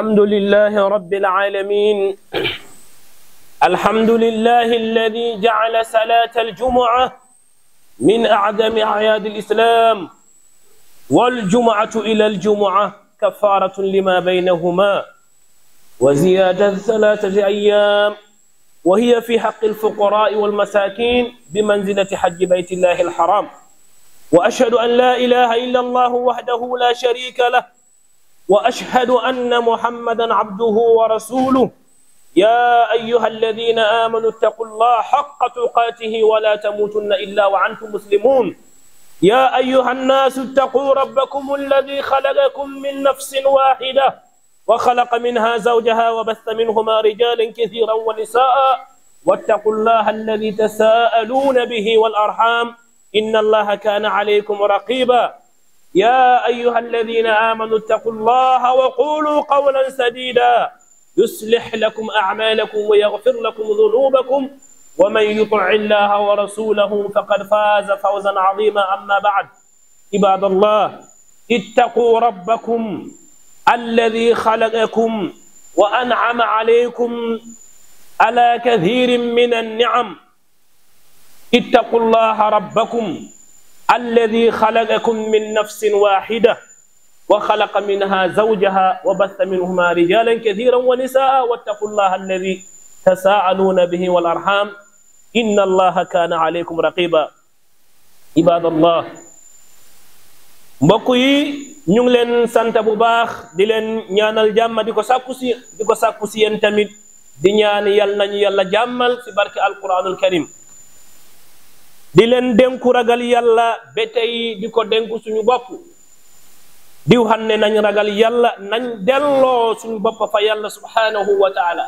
الحمد لله رب العالمين الحمد لله الذي جعل صلاة الجمعة من أعدم أعياد الإسلام والجمعة إلى الجمعة كفارة لما بينهما وزيادة ثلاثة أيام وهي في حق الفقراء والمساكين بمنزلة حج بيت الله الحرام وأشهد أن لا إله إلا الله وحده لا شريك له واشهد ان محمدا عبده ورسوله يا ايها الذين امنوا اتقوا الله حق تقاته ولا تموتن الا وانتم مسلمون يا ايها الناس اتقوا ربكم الذي خلقكم من نفس واحده وخلق منها زوجها وبث منهما رجالا كثيرا ونساء واتقوا الله الذي تساءلون به والارحام ان الله كان عليكم رقيبا يا أيها الذين آمنوا اتقوا الله وقولوا قولا سديدا يصلح لكم أعمالكم ويغفر لكم ذنوبكم ومن يطع الله ورسوله فقد فاز فوزا عظيما أما بعد عباد الله اتقوا ربكم الذي خلقكم وأنعم عليكم على كثير من النعم اتقوا الله ربكم الذي خلقكم من نفس واحدة وخلق منها زوجها وبث منهما رجالا كثيرا ونساء واتقوا الله الذي تساءلون به والأرحام إن الله كان عليكم رقيبا عباد الله مبكوي نيغلن سانتا بو باخ دي لن نيانال جاما ديكو ساكوسي ديكو ساكوسي ان دي نيان يالنا ني يالا جامال في بركه القران الكريم di leen dénku ragal yàlla ba tey di ko denku suñu bopp diw xam ne nañ ragal yàlla nañ delloo suñu boppa fa yàlla subhanahu wa taala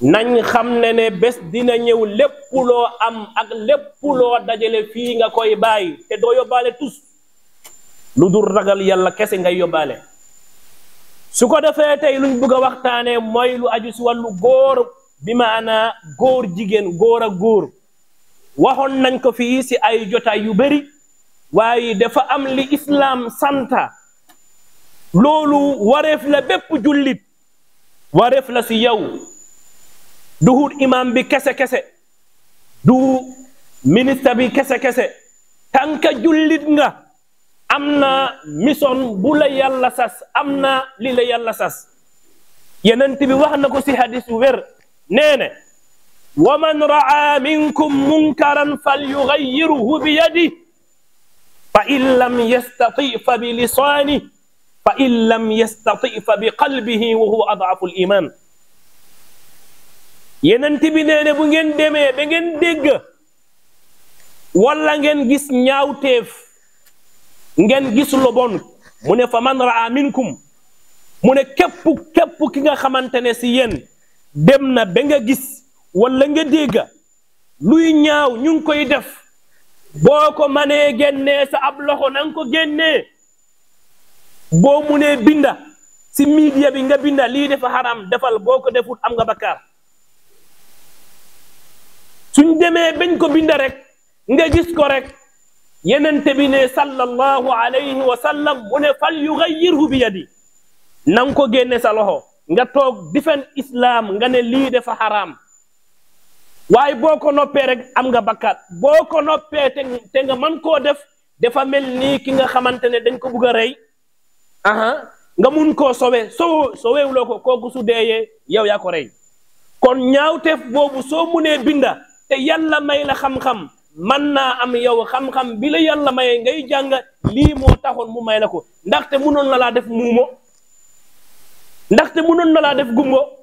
nañ xam ne ne bés dina ñëw lépp loo am ak lépp loo dajale fii nga koy bàyyi te doo yóbbaale tus lu dul ragal yàlla kese ngay yóbbaale su ko defee tey luñ bëgg waxtaanee mooy lu aju si wàllu góor bi maanaa góor jigéen góor a góor waxoon nañ ko fii si ay jotaay yu bëri waaye dafa am li islaam santa loolu wareef la bépp jullit wareef la si yow duhut imam bi kese-kese du ministre bi kese-kese tànka jullit nga am na mission bu la yàlla sas am na li la yàlla sas yeneen bi wax na ko si hadis wér nee ومن رعى منكم منكرا فليغيره بيده فإن لم يستطيع فبلسانه فإن لم يستطيع فبقلبه وهو أضعف الإيمان يننتي بنين بنين دمي بنين دق ولا نين جس نياو تيف نين جس لبون من فمن رعى منكم من كبو كبو كنا خمان تنسيين دمنا بنين جس wala nga dégg luy ñaaw ñu ngi koy def boo ko manee génnee sa ab loxo na nga ko génnee boo munee binda si media bi nga binda lii dafa haram defal boo ko defut am nga bakkaar suñ demee bañ ko binda rek nga gis ko rek yenente bi ne sallallahu alayhi wa sallam mu ne fal yughayyirhu bi yadi na nga ko génne sa loxo nga toog difen islam nga ne lii dafa haram waaye boo ko noppee rek am nga bakkaat boo ko noppee te nga man koo def dafa mel nii ki nga xamante ne dañ ko bugg rey nga mun koo sowe sow soweewuloo ko kooku su deeyee yow yaa ko rey kon ñaaw ñaawteef boobu soo munee binda te yàlla may la xam-xam mën naa am yow xam-xam bi la yàlla may ngay jàng lii moo taxoon mu may la ko ndaxte munoon na laa def muumo ndaxte mu na laa def gumbo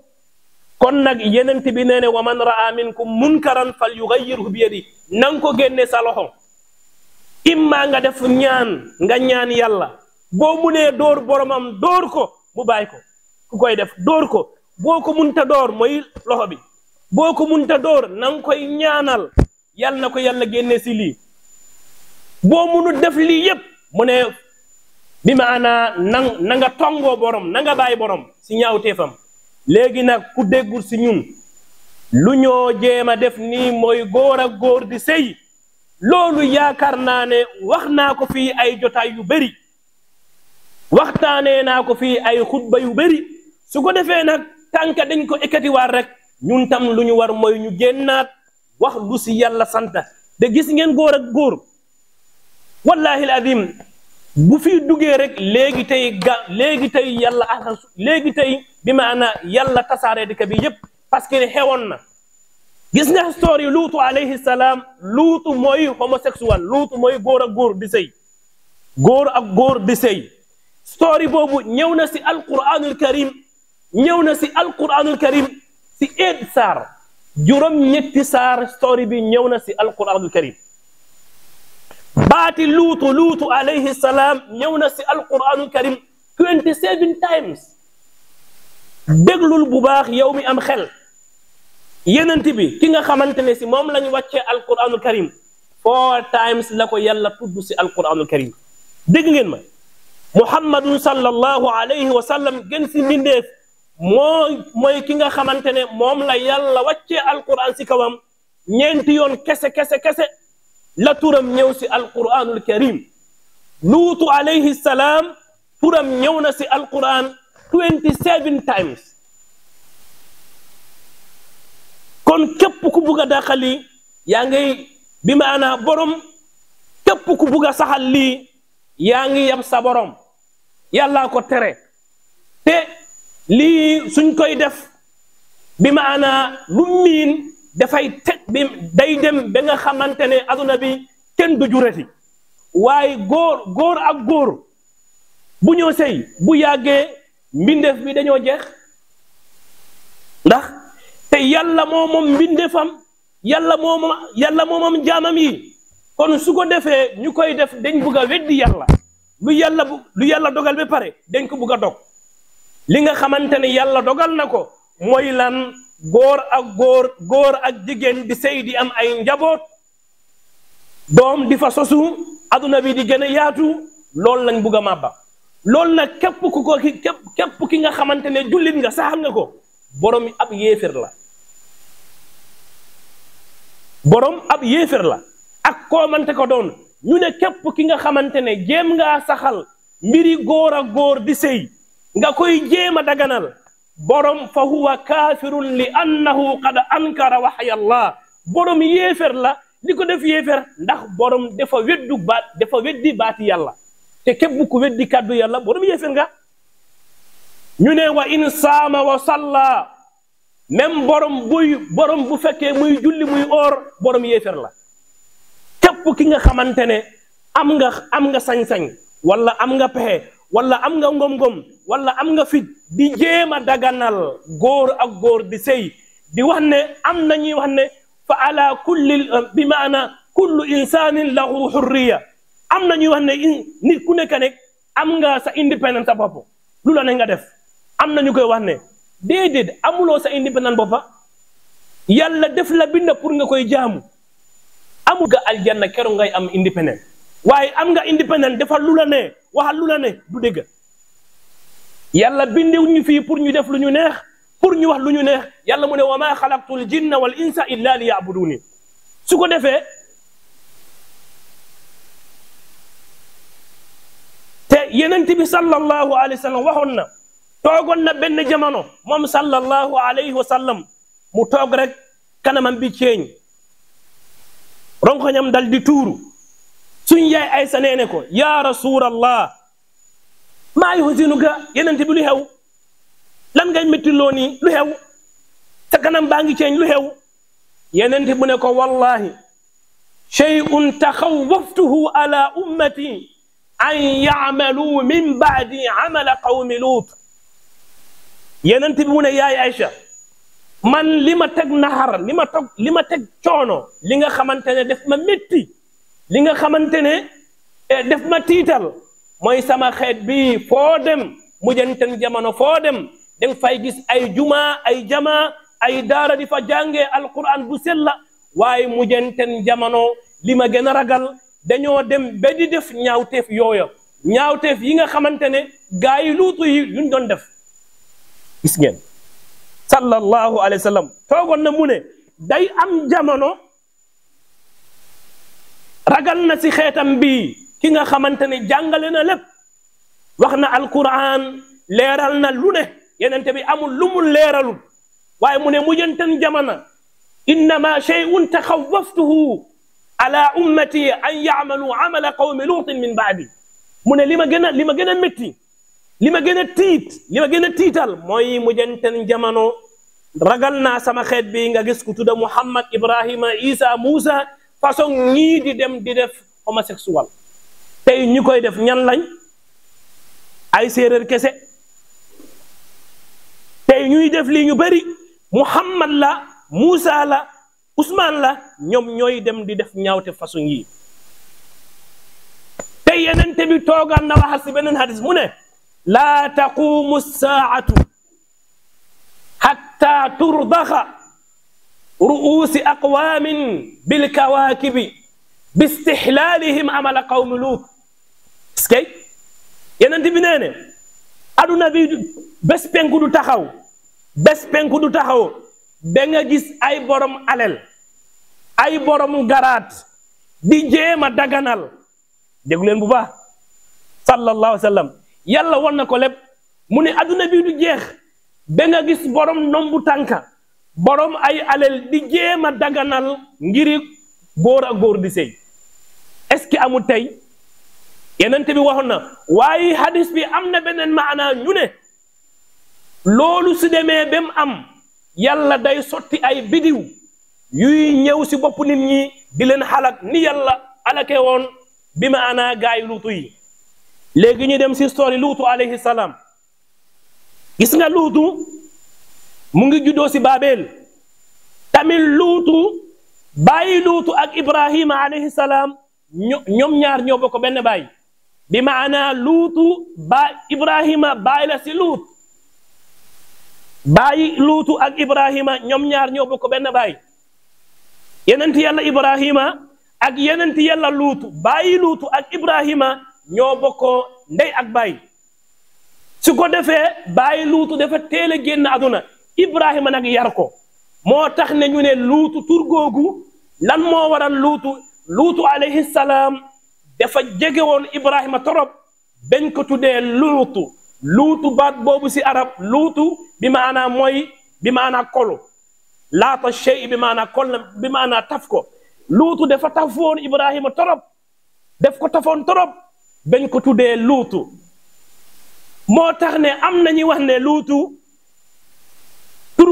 kon nag yenent bi nee ne wa man ra raa mun karan fal yughayyirhu bi yadi na nga ko génne sa loxo imma nga def ñaan nga ñaan yàlla boo munee dóor boromam door ko mu bàyyi ko ku koy def door ko boo ko munta door mooy loxo bi boo ko munta dóor na nga koy ñaanal yal na ko yàlla génne si lii boo munut def lii yépp mu ne bi maanaa na na nga tongoo borom na nga bàyyi borom si ñaawteefam léegi nag ku déggul si ñun lu ñoo jéem a def nii mooy góor ak góor di sëy loolu yaakaar naa ne wax naa ko fii ay jotaay yu bëri waxtaane naa ko fii ay xutba yu bëri su ko defee nag tànka dañ ko ekkatiwaat rek ñun tam lu ñu war mooy ñu génnaat wax lu si yàlla sant de gis ngeen góor ak góor wallahi al bu fi duggee rek léegi tey ga léegi tey yàlla léegi tey bi maana yàlla tasaaree dëkk bi yëpp parce que xewoon na gis nga histoire yi luutu alayhi salaam luutu mooy homosexuel luutu mooy góor a góor di sëy góor ak góor di sëy story boobu ñëw na si alquranul karim ñëw na si alquranul karim si eed saar juróom ñetti saar story bi ñëw na si alquranul karim باتي لوط لوط عليه السلام نيونا سي القران الكريم 27 تايمز دغلو البوباخ يومي ام خل يننتي بي كيغا خامتاني سي موم لا ني واتي القران الكريم 4 تايمز لاكو يالا تود سي القران الكريم دغ نين ما محمد صلى الله عليه وسلم جن سي مينديف موي موي كيغا خامتاني موم لا يالا واتي القران سي كوام نينتي يون كسه كسه كسه la turam ñëw si alquranul karim luutu alayhi salaam turam ñëw na si alquran twenty seven times kon képp ku bugg a yaa ngay bi maanaa borom képp ku bugg a saxal lii yaa ngi yam sa borom yàllaa ko tere te lii suñ koy def bi maanaa lu dafay teg bi day dem ba nga xamante ne aduna bi kenn du jureti waaye góor góor ak góor bu ñoo sëy bu yàggee mbindeef bi dañoo jeex ndax te yàlla moo moom mbindeefam yàlla moo moom yàlla moom jaamam yi kon su ko defee ñu koy def dañ bugg a weddi yàlla lu yàlla dogal ba pare dañ ko bugg a dog li nga xamante ne yàlla dogal na ko mooy lan góor ak góor góor ak jigéen di sëy di am ay njaboot doom di fa sosu aduna bi di gën a yaatu loolu lañ bugg a màbba loolu nag képp ki nga xamante ne jullit nga saxal nga ko borom ab yéefér la borom ab yéefér la ak koomante ko doon ñu ne képp ki nga xamante ne jéem nga saxal mbiri góor ak góor di sëy nga koy jéem a daganal borom fa huwa kaafirun li annahu qad ankara waxya allah borom yéefér la li ko def yéefér ndax borom defa weddu baat dafa weddi baati yàlla te képp ku weddi kàddu yalla borom yéefér nga ñu ne wa in saama wa salla même borom buy borom bu fekkee muy julli muy oor borom yéefér la képp ki nga xamante ne am nga am nga sañ-sañ wala am nga pexe wala am nga ngom-ngom wala am nga fit di jéem a daganal góor ak góor di sey di wax ne am na ñuy wax ne fa ala kulli bi maana kullu insanin lahu xurriya am na ñuy wax ne nit ku nekk nekk am nga sa indépendance sa bopp lu la ne nga def am na ñu koy wax ne déedéet amuloo sa indépendance boppa yàlla def la bind pour nga koy jaamu amul nga aljanna keroog ngay am indépendance waaye am nga indépendant defal lu la ne waxal lu ne du dégg yàlla bindew ñu fii pour ñu def lu ñu neex pour ñu wax lu ñu neex yàlla mu ne wa maa xalaqtul jinna wal insa illa li yaabuduni su te yenent bi sallallahu alayhi wa sallam waxoon na toogoon na benn jamono moom sallallahu alayhi wa mu toog rek kanamam bi ceeñ ronkoñam dal di tuuru suñ yaay Aysa nee ne ko yaa rasulallah maa yuhzinuka yenente bi lu xew lan ngay métti loo nii lu xew sa kanam baa ngi ceeñ lu xew yenente bu ko wallahi shay'un taxawwaftuhu ala ummati an yacmaluu min baadi amala qawmi luut yenente bi mu yaay Aysa man li ma teg naxar li ma teg coono li nga xamante ne def ma métti li nga xamante ne eh, def ma tiital mooy sama xeet bi foo dem mujjanten jamono foo dem danga fay gis ay jumaa ay jama ay daara di fa jàngee alquran bu sella waaye mujjanten jamono li ma gën a ragal dañoo dem ba di def ñaawteef yooya ñaawteef yi nga xamante ne gaa yi luñ doon def gis ngeen sallallahu alayhi wa toogoon na mu ne day am jamono ragal na si xeetam bi ki nga xamante ne jàngale na lépp wax na alquran leeral na lu ne yenente bi amul lu mu leeralul waaye mu ne mujjantan jamana innama sheyun taxawaftuhu ala ummati an yaamalu amala qawmi luutin min baadi mu ne li ma gën a li ma gën a métti li ma gën a tiit li gën a tiital mooy mujjantan jamano ragal naa sama xeet bi nga gis ku tudda Muhammad Ibrahima Isa Musa façon ñii di dem di def homosexuel tey ñu koy def ñan lañ ay séeréer kese tey ñuy def li ñu bari Muhammad la Moussa la Ousmane la ñoom ñooy dem di def ñaawte façon yii tey yeneen te bi toogaan na waxal si beneen hadis mu ne laa taqumu saatu hatta turdaxa ru'uusi aqwaamin bil kawaakibi bi istixlaalihim amala qawmi luut parce que yeneen bi nee aduna bi bés penku du taxaw bés du taxaw ba gis ay borom alel ay borom garaat di jéem a daganal déglu leen bu baax sallallahu alayhi wa sallam yàlla won na ko lépp mu ne aduna bi du jeex ba nga gis borom nombu tànka borom ay alal di jéem a daganal ngiri góor a góor di sëy est-ce que amul tey yenent bi waxoon na waaye hadis bi am na beneen anaa ñu ne loolu si demee ba am yàlla day sotti ay bidiw yuy ñëw si bopp nit ñi di leen xalak ni yàlla alake woon bi maanaa gaay luutu yi léegi ñu dem si story luutu alayhi salaam gis nga luutu mu ngi juddoo si Baabel tamit luutu bàyyi luutu ak Ibrahima alayhi salaam ñoom ñaar ñoo bokk benn baay bi maana luutu ba Ibrahima baay la si luut bàyyi luutu ak Ibrahima ñoom ñaar ñoo bokk benn baay yenenti yàlla Ibrahima ak yenenti yàlla luutu bàyyi luutu ak Ibrahima ñoo bokkoo ndey ak baay su ko defee bàyyi luutu dafa teel a génn aduna. Ibrahima nag yar ko moo tax ne ñu ne luutu tur googu lan moo waral luutu luutu alayhi salaam dafa jege woon Ibrahima torop dañ ko tuddee luutu luutu baat boobu ci arab luutu bi maanaa mooy bi maanaa kolu laata chey bi maanaa kol bi maanaa taf ko luutu dafa taf woon Ibrahima torop def ko tafoon torop dañ ko tuddee luutu moo tax ne am nañu wax ne luutu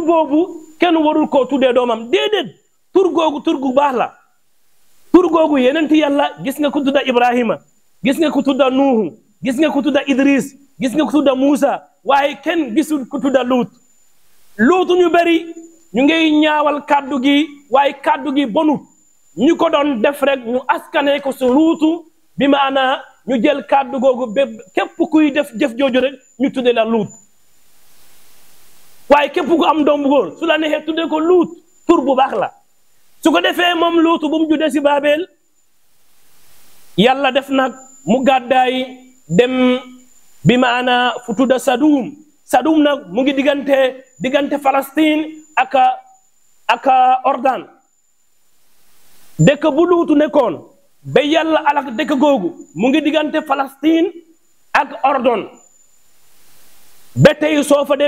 boobu kenn warul ko tuddee doomam déedéet tur googu tur gu baax la tur googu yeneen ti yàlla gis nga ku tudda Ibrahima gis nga ku tudda Nuuhu gis nga ku tudda Idris gis nga ku tudda Muusa waaye kenn gisul ku tudda Luut Luutu ñu bari ñu ngay ñaawal kàddu gi waaye kàddu gi bonut ñu ko doon def rek ñu askane ko su luutu bi maana ñu jël kàddu googu bépp képp kuy def jëf jooju rek ñu tudde la luut waaye képp ku am doom bu góor su la neexee tuddee ko luut tur bu baax la su ko defee moom luutu bu mu juddee si baabeel yàlla def nag mu gàddaay dem bi maana fu tudda sadum sadum nag mu ngi diggante diggante Palestine ak ak Ordan dëkk bu luutu nekkoon ba yàlla alak dëkk googu mu ngi diggante Palestine ak Ordon ba tey soo fa da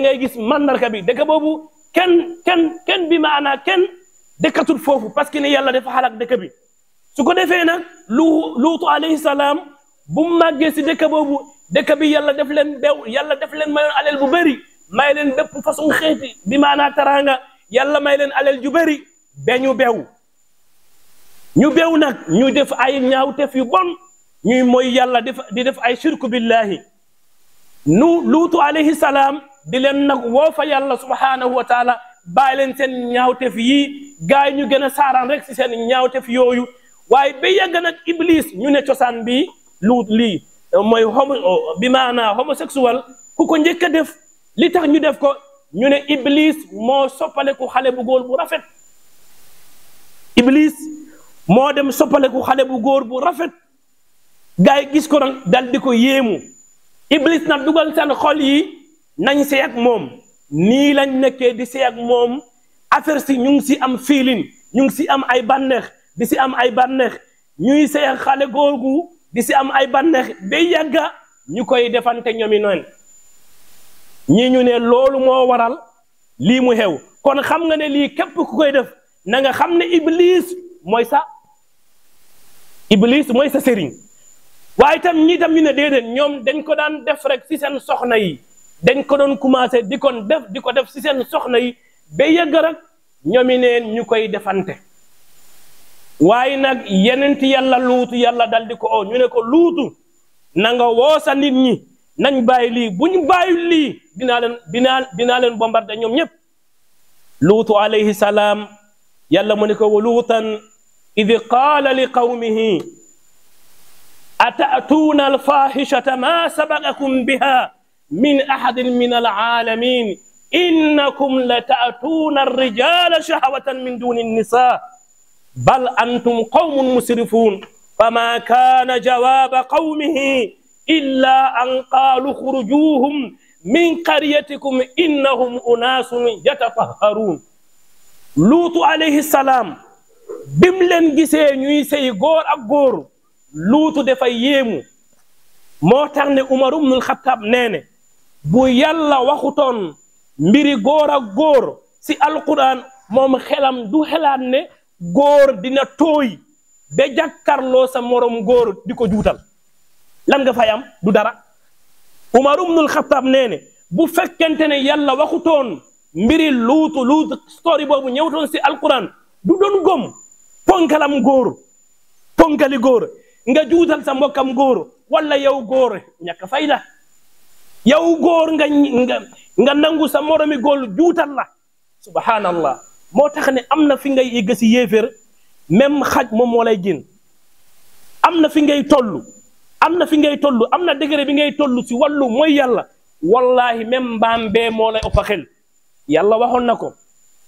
ngay gis mandarka bi dëkk bobu ken ken ken bi maana ken dekatul fofu parce que ni yàlla dafa halak dëkk bi su ko defee nag lu luutu alayhi salam bu magge ci dëkk bobu dëkk bi yàlla def len bew yàlla def len mayoon alal bu bëri may len bépp façon xéti bi maana taranga yàlla may len alal ju bëri beñu bew ñu bew nak ñu def ay ñaaw ñaawteef yu bon ñuy moy yàlla def di def ay shirku billahi nu luutu alayhi salaam di leen nag woo fa yàlla subhaanahu wa taala bàyyi leen seen ñaawtef yii gars yi ñu gën a saaraan rek si seen ñaawtef yooyu waaye ba yàgg nag iblis ñu ne cosaan bi luut lii mooy homo bi maanaa homosexuel ku ko njëkk a def li tax ñu def ko ñu ne iblis moo soppaleku xale bu góor bu rafet iblis moo dem soppaleku xale bu góor bu rafet gars yi gis ko nag dal di ko yéemu iblis na dugal seen xol yi nañ sey ak moom nii lañ nekkee di sey ak moom affaire si ñu ngi si am feeling ñu ngi si am ay bànneex di si am ay banneex ñuy sey ak xale googu di si am ay banneex ba yàgga ñu koy defante ñoomi noonu ñii ñu ne loolu moo waral lii mu xew kon xam nga ne lii képp ku koy def na nga xam ne iblis mooy sa iblis mooy sa sëriñ waaye itam ñi tam ñu ne ñoom dañ ko daan def rek si seen soxna yi dañ ko doon commencé di ko def di ko def si seen soxna yi ba yëgg rek ñoom ñu koy defante waaye nag yenent yàlla luutu yàlla dal di ko oo ñu ne ko luutu na nga sa nit ñi nañ bàyyi lii bu ñu bàyyi lii dinaa leen dinaa dinaa leen bombardé ñoom ñëpp luutu alayhi salaam yàlla mu ne ko wa luutan id qaala li qawmihi أتأتون الفاحشة ما سبقكم بها من أحد من العالمين إنكم لتأتون الرجال شهوة من دون النساء بل أنتم قوم مسرفون فما كان جواب قومه إلا أن قالوا خرجوهم من قريتكم إنهم أناس يتطهرون لوط عليه السلام بملن جسي نيسي غور أغور luutu defa yéemu moo tax ne Umar ibnul Xattaab nee ne bu yàlla waxutoon mbiri góor ak góor si alquran moom xelam du xelaat ne góor dina tooy ba jàkkarloo sa morom góor di ko juutal lan nga fay am du dara Umar ibnul Xattaab nee ne bu fekkente ne yàlla toon mbiri luutu luutu story boobu ñëwtoon si alquran du doon gom ponkalam góor ponkali góor nga juutal sa mbokkam góor wala yow góor ñàkk fayda yow góor nga nangu sa moromi góor juutal la subhanallah moo tax ne am na fi ngay yegg si yéeféer même xaj moom moo lay am na fi ngay toll am na fi ngay toll am na degré bi ngay toll si wàllu mooy yàlla wallahi même mbaam bee moo lay ëpp xel yàlla waxoon na ko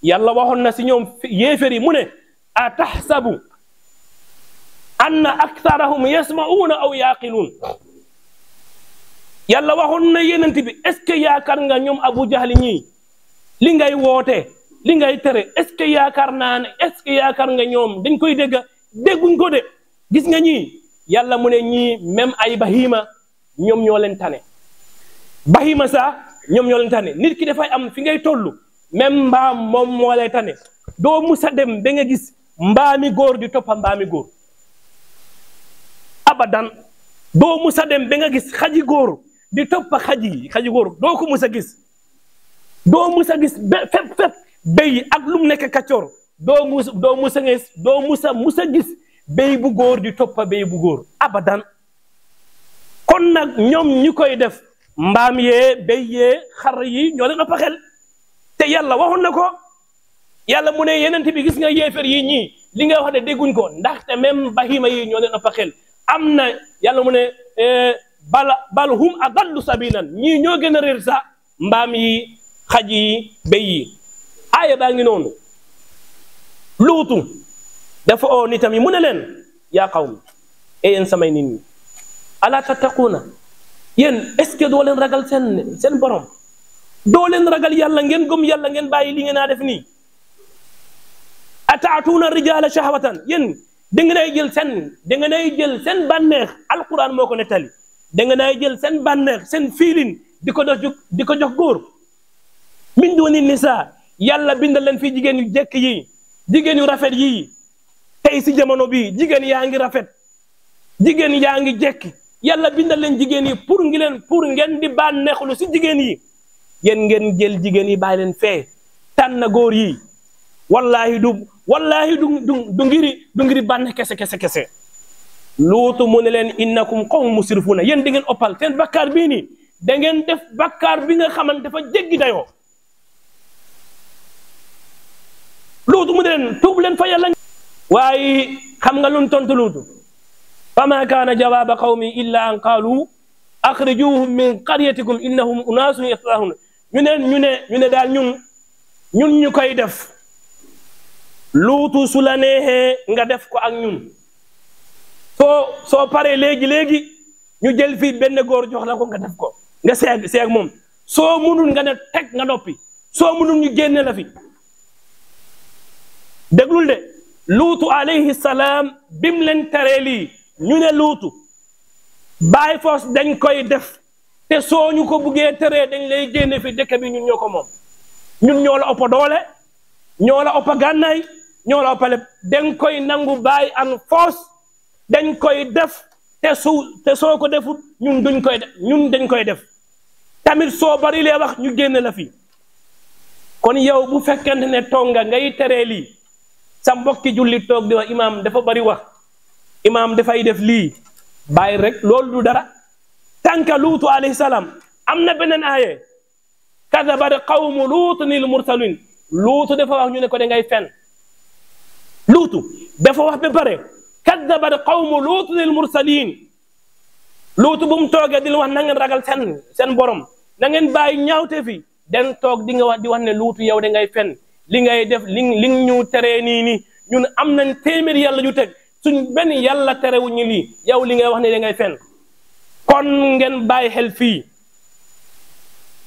yàlla waxoon na si ñoom yéeféer yi mu ne a taxsabu anna aktharahum yasma'uuna aw yaaqiluun yàlla waxoon na yenent bi est-ce que yaakaar nga ñoom abu jahli ñii li ngay woote li ngay tere est-ce que yaakaar naa ne est-ce nga ñoom dañ koy dégg dégguñ ko de gis nga ñii yàlla mu ne ñii même ay bahima ñoom ñoo leen tane bahima sa ñoom ñoo tane nit ki dafay am fi ngay toll même mbaam moom moo lay tane doo musa dem ba nga gis mbaami góor di toppa mbaami góor abadan doo mus dem ba nga gis xaji góor di topp xaji xaji góor doo ko mus a gis doo mus gis ba ak lu mu nekk kaccoor doo mus doo mus a gis doo mus gis béy bu góor di toppa béy bu góor abadan kon nag ñoom ñi koy def mbaam yee béy yee xar yi ñoo leen ëpp te yàlla waxoon na ko yàlla mu ne yeneen bi gis nga yeefar yi ñi li nga wax de dégguñ ko ndaxte même bahima yi ñoo leen ëpp xel am na yàlla mu ne e, bal bal hum adallu sabilan ñii ñoo gën a réer sax mbaam yi xaj yi béy yi aay baa ngi noonu luutu dafa oo nitam yi mu ne leen ya xaw e yéen samay nit ñi ala tattaquuna yéen est ce que doo leen ragal seen seen borom doo leen ragal yàlla ngeen gëm yàlla ngeen bàyyi li ngeen a def nii ataatuuna rijaala shahwatan yéen da nga jël seen da nga nay jël seen bànneex alquran moo ko nettali da nga nay jël seen bànneex seen fiilin di ko jox di ko jox góor min dooni nisa yàlla bindal leen fi jigéen yu jekk yi jigéen yu rafet yii tey si jamono bii jigéen yaa ngi rafet jigéen yaa ngi jekk yàlla bindal leen jigéen yi pour ngi leen pour ngeen di bànneexlu si jigéen yi yéen ngeen jël jigéen yi bàyyi leen fee tànn góor yi wallahi du wallahi du du ngiri du kese kese kese luutu mu ne leen innakum qawmun musrifuna yéen da ngeen oppal seen bakkaar bii nii da def bakkaar bi nga xamante dafa jéggi dayoo luutu mu ne leen tuub leen fa yàlla waaye xam nga lun tontu luutu fa ma kaana jawaaba qawmi illa an qaalu akhrijuhum min qaryatikum innahum unaasun yasrahun ñu ne ñu ne ñu ne daal ñu ñun ñu koy def lutu sulanee nga def ko ak ñun soo soo paree léegi léegi ñu jël fii benn góor jox la ko nga def ko nga seeg seeg moom soo munul nga ne teg nga noppi soo munul ñu génne la fi de luutu alayhi salaam bim leen teree lii ñu ne luutu bàyyi foos dañ koy def te soo ñu ko buggee tere dañ lay génne fi dëkk bi ñun ñoo ko moom ñun ñoo la ëpp doole ñoo la ëpp gànnaay ñoo la pale dañ koy nangu bàyyi en force dañ koy def te su soo ko defut ñun duñ koy def ñun dañ koy def tamit soo bari lee wax ñu génn la fi kon yow bu fekkente ne tonga ngay teree lii sa mbokki julli toog di wax imaam dafa bari wax imaam dafay def lii bàyyi rek loolu du dara tànka luutu alayhi salaam am na beneen aaye kadabat qawmu luutin il mursalin luutu dafa wax ñu ne ko da ngay fen luutu dafa wax ba pare kaddabat qawmu luutu lil mursalin luutu bu mu toogee di wax na ngeen ragal seen seen borom nangeen ngeen bàyyi ñaawte fi den toog di nga wax di wax ne luutu yow da ngay fen li ngay def li li ñu tere nii nii ñun am nañ téeméeri yàlla yu teg suñ benn yàlla terewuñ ñu yi yow li ngay wax ne dangay ngay fen kon ngeen bàyyi xel fii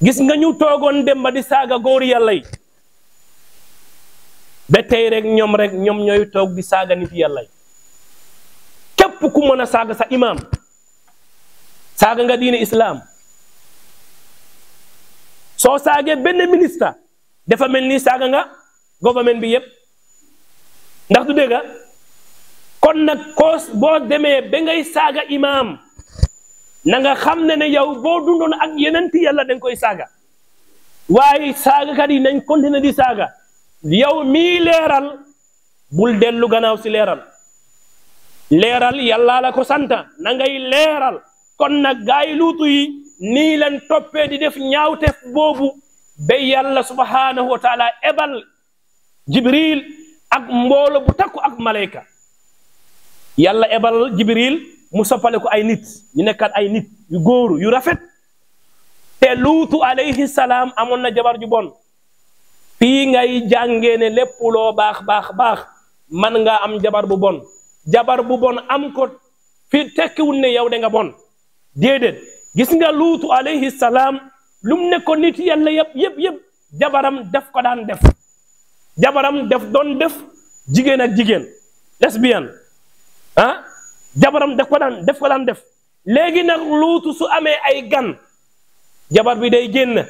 gis nga ñu toogoon dem ba di saaga góor yàlla yi ba tey rek ñoom rek ñoom ñooy toog di saaga nit yàlla képp ku mën a saaga sa imaam saaga nga diine islaam soo saagee benn minista dafa mel ni saaga nga gouvernement bi yëpp ndax du dégg kon nag koo boo demee ba ngay saaga imaam na nga xam ne ne yow boo dundoon ak yeneen ti yàlla da koy saaga waaye saagakat yi nañ continuer di saaga. yow mii leeral bul dellu gannaaw si leeral leeral yàllaa la ko santa na ngay leeral kon nag gaay luutu yi nii lan toppee di def ñaawteef boobu ba yàlla subhaanahu wa taala ebal jibril ak mboolo bu takku ak malayka yàlla ebal jibril mu soppale ko ay nit ñu nekkat ay nit yu góoru yu rafet te luutu alayhi salaam amoon na jabar ju bon fii ngay jàngee ne lépp loo baax baax baax man nga am jabar bu bon jabar bu bon am ko fi tekkiwul ne yow de nga bon déedéet gis nga luutu alayhi salaam lum ne ko nit yàlla yëpp yëpp yëpp jabaram def ko daan def jabaram def doon def jigéen ak jigéen lesbienne ah jabaram def ko daan def ko def léegi nag luutu su amee ay gan jabar bi day génn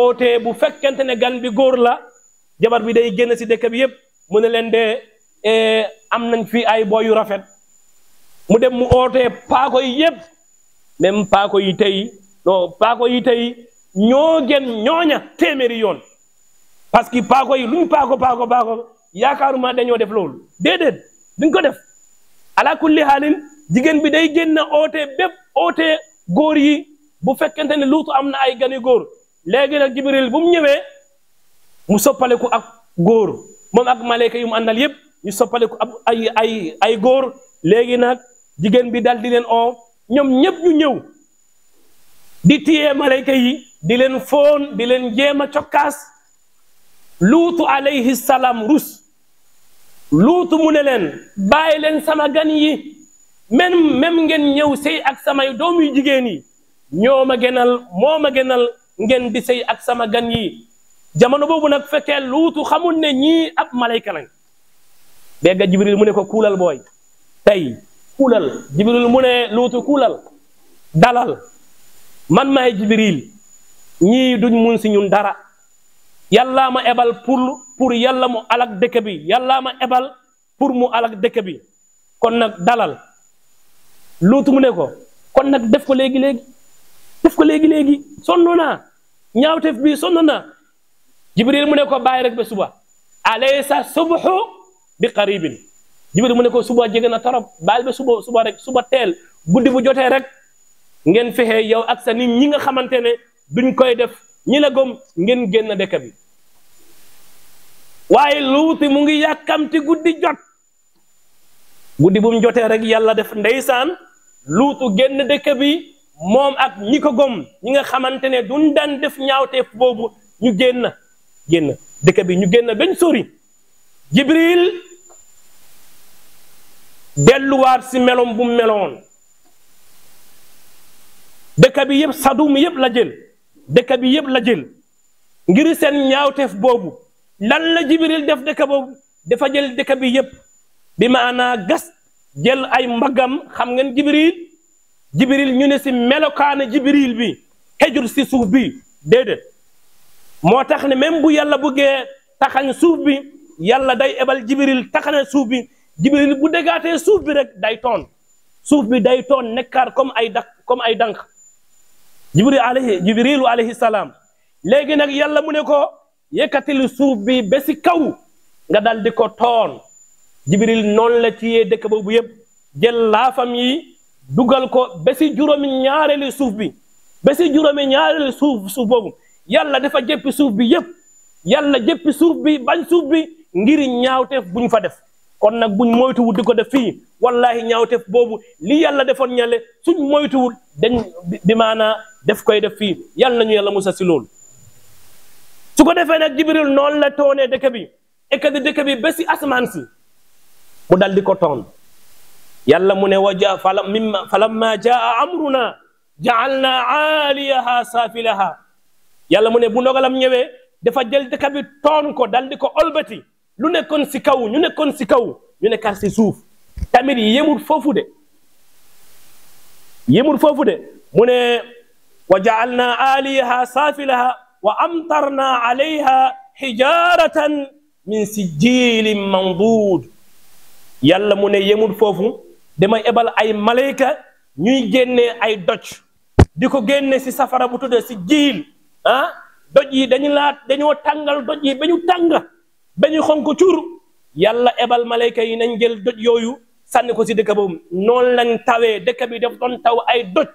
ootee bu fekkente ne gan bi góor la jabar bi day génn si dëkk bi yëpp mu ne leen de eh, am nañ fi ay boy yu rafet mu dem mu ootee paako yi yëpp même paako yi tey non paako yi tey ñoo gën ñooña téeméeri yoon parce que paako yi luñ paako paako paako yaakaaruma dañoo def loolu déedéet duñ ko def ala kulli haalin jigéen bi day génn oote bépp oote góor yi bu fekkente ne luutu am na ay gani góor léegi nag jibril bu mu ñëwee mu soppale ku ak góor moom ak malayka yu mu àndal yépp ñu soppaleku ab ay ay ay góor léegi nag jigéen bi dal di leen oo ñoom ñëpp ñu ñëw di téye malayka yi di leen foon di leen jéem a cokkaas luutu alayhi salaam rus luutu mu ne leen bàyyi leen sama gan yi même même ngeen ñëw sey ak samay doom yu jigéen yi ñoo ma gënal moo ma gënal ngeen di sëy ak sama gan yi jamono boobu nag fekkee luutu xamul ne ñii ab malayka lañ dégg jibril mu ne ko kuulal booy tey kuulal jibril mu ne luutu kuulal dalal man maay jibril ñii duñ mun si ñun dara yàllaa ma ebal pour pour yàlla mu alak dëkk bi yàllaa ma ebal pour mu alag dëkk bi kon nag dalal luutu mu ne ko kon nag def ko léegi-léegi def ko léegi léegi sonn naa ñaawteef bi sonn naa jibril mu ne ko bàyyi rek ba suba alaysa subhu bi qaribin jibril mu ne ko suba jege na torop bàyyi ba suba suba rek suba teel guddi bu jotee rek ngeen fexe yow ak sa nit ñi nga xamante ne duñ koy def ñi la gom ngeen génn dëkk bi waaye luuti mu ngi yàkkamti guddi jot guddi bu jotee rek yàlla def ndeysaan luutu génn dëkk bi moom ak ñi gom ñi nga xamante ne duñ daan def ñaawteef boobu ñu génn génn dëkk bi ñu génn bañ sori jibril delluwaat si meloom bu meloon dëkk bi yëpp sadum yëpp la jël dëkk bi yëpp la jël ngir seen ñaawteef boobu lan la jibril def dëkk boobu dafa jël dëkk bi yëpp bi maanaa gas jël ay mbaggam xam nga jibril جبريل ñu ne si melokaana jibril bi xejul si suuf bi déedéet moo tax ne même bu yàlla bëggee taxañ suuf bi yàlla day ebal jibril taxane suuf bi jibril bu dégaatee suuf bi rek day toon suuf bi day toon nekkaar comme ay dak comme ay dank jibril alayhi jibrilu alayhi salaam léegi nag yàlla mu ne ko yëkkatil suuf bi nga dal di ko jibril non la ci dëkk boobu yeb jël laafam yi dugal ko ba si juróomi ñaareelu suuf bi ba si juróomi ñaareelu suuf suuf boobu yàlla defa jëppi suuf bi yëpp yàlla jëppi suuf bi bañ suuf bi ngir ñaawteef buñ fa def kon nag buñ moytuwul di ko def fii wallahi ñaawteef boobu li yàlla defoon ñale suñ moytuwul dañ bi maanaa def koy def fii yàlla nañu yàlla musa si loolu su ko defee nag jibril noon la toonee dëkk bi ekkati dëkk bi ba si asmaan si mu daldi ko toon yàlla mu ne waja fala mimma falamma jaa amruna jaalna aaliyaha saafilaha yàlla mu ne bu ndogalam ñëwee dafa jël dëkk bi toon ko dal di ko olbati lu nekkoon si kaw ñu nekkoon si kaw ñu nekkaat si suuf tamit yemul foofu de yemul foofu de mu ne wa jaalna aaliyaha saafilaha wa amtarna alayha hijaratan min sijilin manduud yàlla mu ne yemul foofu damay ebal ay malayka ñuy génne ay doj di ko génne si safara bu tuddee si jiil ah doj yi dañu laa dañoo tàngal doj yi ba ñu tàng ba ñu xonk cuur yàlla ebal malayka yi nañ jël doj yooyu sànni ko si dëkk boobu noonu lañ tawee dëkk bi daf doon taw ay doj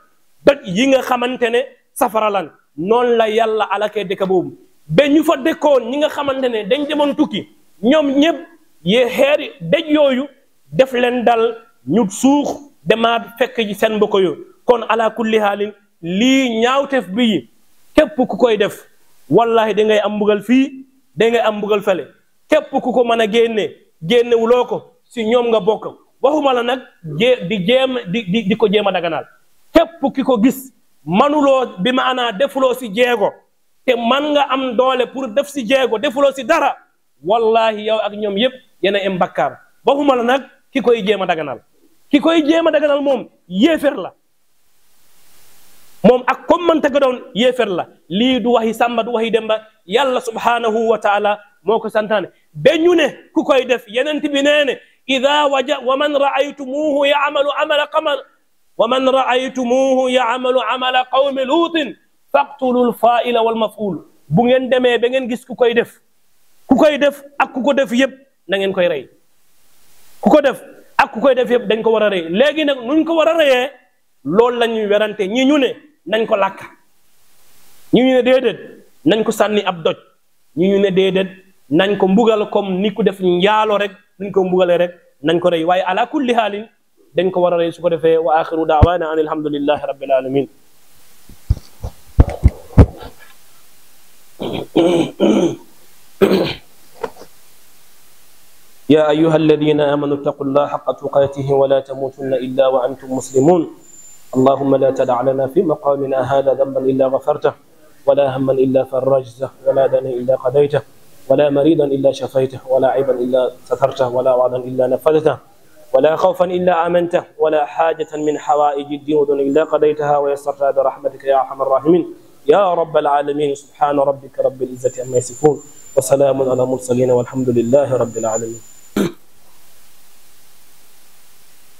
doj yi nga xamante ne safara lan noonu la yàlla alakee dëkk boobu ba ñu fa dëkkoon ñi nga xamante ne dañ demoon tukki ñoom ñëpp yee xeeri dëj yooyu def leen dal ñu suux demaat fekk ji seen mbokk yu kon ala haalin lii ñaawteef bii képp ku koy def wallahi da ngay am mbugal fii dangay am mbugal fele képp ku ko mën a génne génnewuloo ko si ñoom nga bokk waxuma la nag jé di jéem di di ko jéem a daganaal képp ki ko gis manuloo bi anaa defuloo si jeego te man nga am doole pour def si jeego defuloo si dara wallahi yow ak ñoom yëpp yéen a am waxuma la nag ki koy jéem a daganaal ki koy jéem a daganal moom la mom ak kom man ga doon la li du wahi sàmba du wahi demba yàlla subhanahu wa taala moko santane be ba ñu ne ku koy def yenent bi neene idha waja wa man raaytumuhu ya'malu amala qamar wa man raaytumuhu ya'malu amala lut faqtulul fa'il wal maf'ul bu ngeen deme be ngeen gis ku koy def ku koy def ak ku ko def yeb na ngeen koy ray ku ko def ak koy def yëpp dañ ko war a rey léegi nag nuñ ko war a reyee loolu la ñuy werante ñi ñu ne nañ ko làkk ñi ñu ne déedéet nañ ko sànni ab doj ñi ñu ne déedéet nañ ko mbugal comme ni ku def njaalo rek nuñ ko mbugalee rek nañ ko rey waaye ala kulli haalin dañ ko war a rey su ko defee wa axiru daawaana an alhamdulillahi rabbil alamin يا أيها الذين آمنوا اتقوا الله حق تقاته ولا تموتن إلا وأنتم مسلمون اللهم لا تدع لنا في مقامنا هذا ذنبا إلا غفرته ولا هما إلا فرجته ولا دنا إلا قضيته ولا مريضا إلا شفيته ولا عيبا إلا سترته ولا وعدا إلا نفذته ولا خوفا إلا آمنته ولا حاجة من حوائج الدين إلا قضيتها ويسرتها برحمتك يا أرحم الراحمين يا رب العالمين سبحان ربك رب العزة عما يصفون وسلام على المرسلين والحمد لله رب العالمين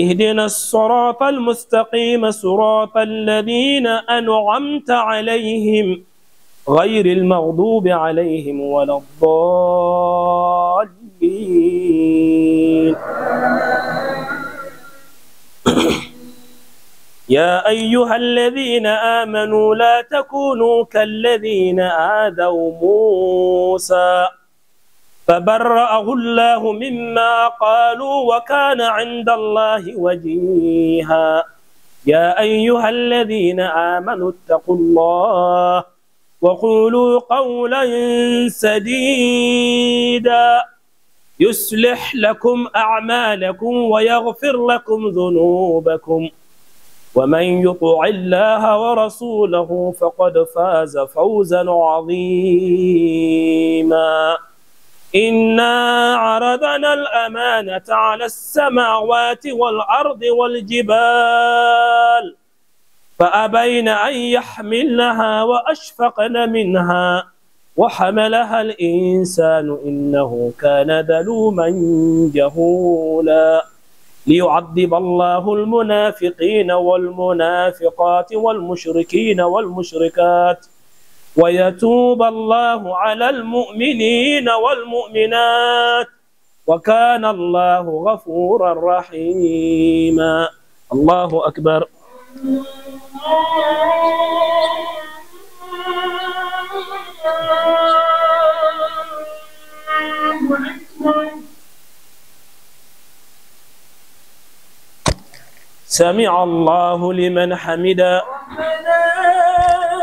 اهدنا الصراط المستقيم صراط الذين أنعمت عليهم غير المغضوب عليهم ولا الضالين يا أيها الذين آمنوا لا تكونوا كالذين آذوا موسى فبرأه الله مما قالوا وكان عند الله وجيها يا أيها الذين آمنوا اتقوا الله وقولوا قولا سديدا يصلح لكم أعمالكم ويغفر لكم ذنوبكم ومن يطع الله ورسوله فقد فاز فوزا عظيما إنا عرضنا الأمانة على السماوات والأرض والجبال فأبين أن يحملنها وأشفقن منها وحملها الإنسان إنه كان ذلوما جهولا ليعذب الله المنافقين والمنافقات والمشركين والمشركات ويتوب الله على المؤمنين والمؤمنات وكان الله غفورا رحيما الله أكبر سمع الله لمن حمده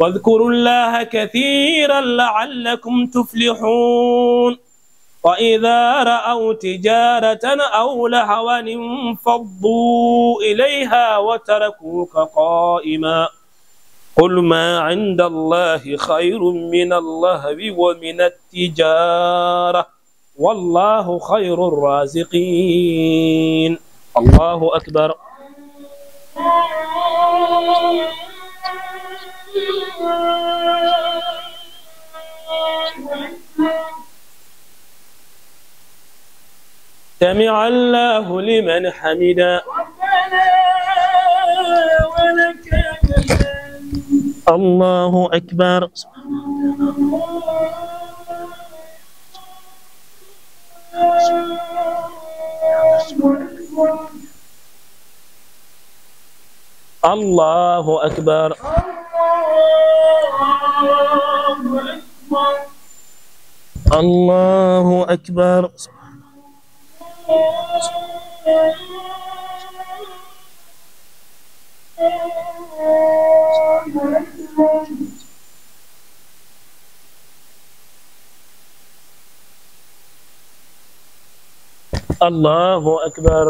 واذكروا الله كثيرا لعلكم تفلحون وإذا رأوا تجارة أو لهوا انفضوا إليها وتركوك قائما قل ما عند الله خير من اللهو ومن التجارة والله خير الرازقين الله أكبر سمع الله لمن حمدا الله أكبر الله أكبر الله أكبر الله أكبر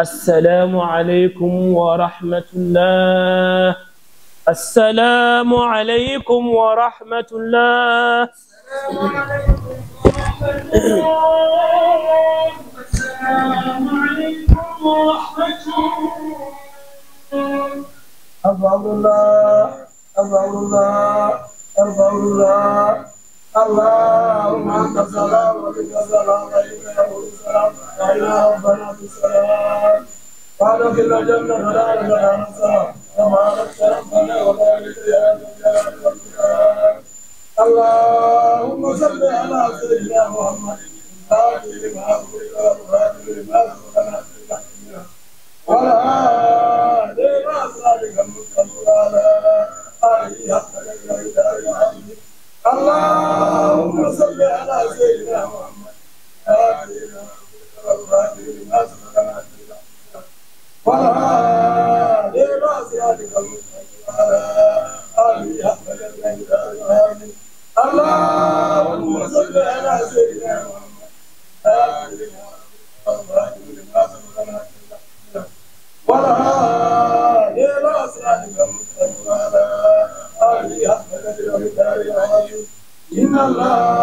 السلام عليكم ورحمة الله السلام عليكم ورحمة الله السلام عليكم ورحمة الله السلام عليكم ورحمة الله الله أرضى الله أرضى الله اللهم انت السلام ومنك السلام عليك يا رب السلام علينا ربنا بالسلام وادخلنا الجنة فلا نزل نصرا تبارك ربنا وبارك يا اللهم صل على سيدنا محمد فاتح لما أغفر وفاتح لما أغفر ولا هادي ما صادق المستقبل على آله حتى يجعل إلى اللهم صل على سيدنا محمد آمين اللهم صل على سيدنا محمد آمين Allah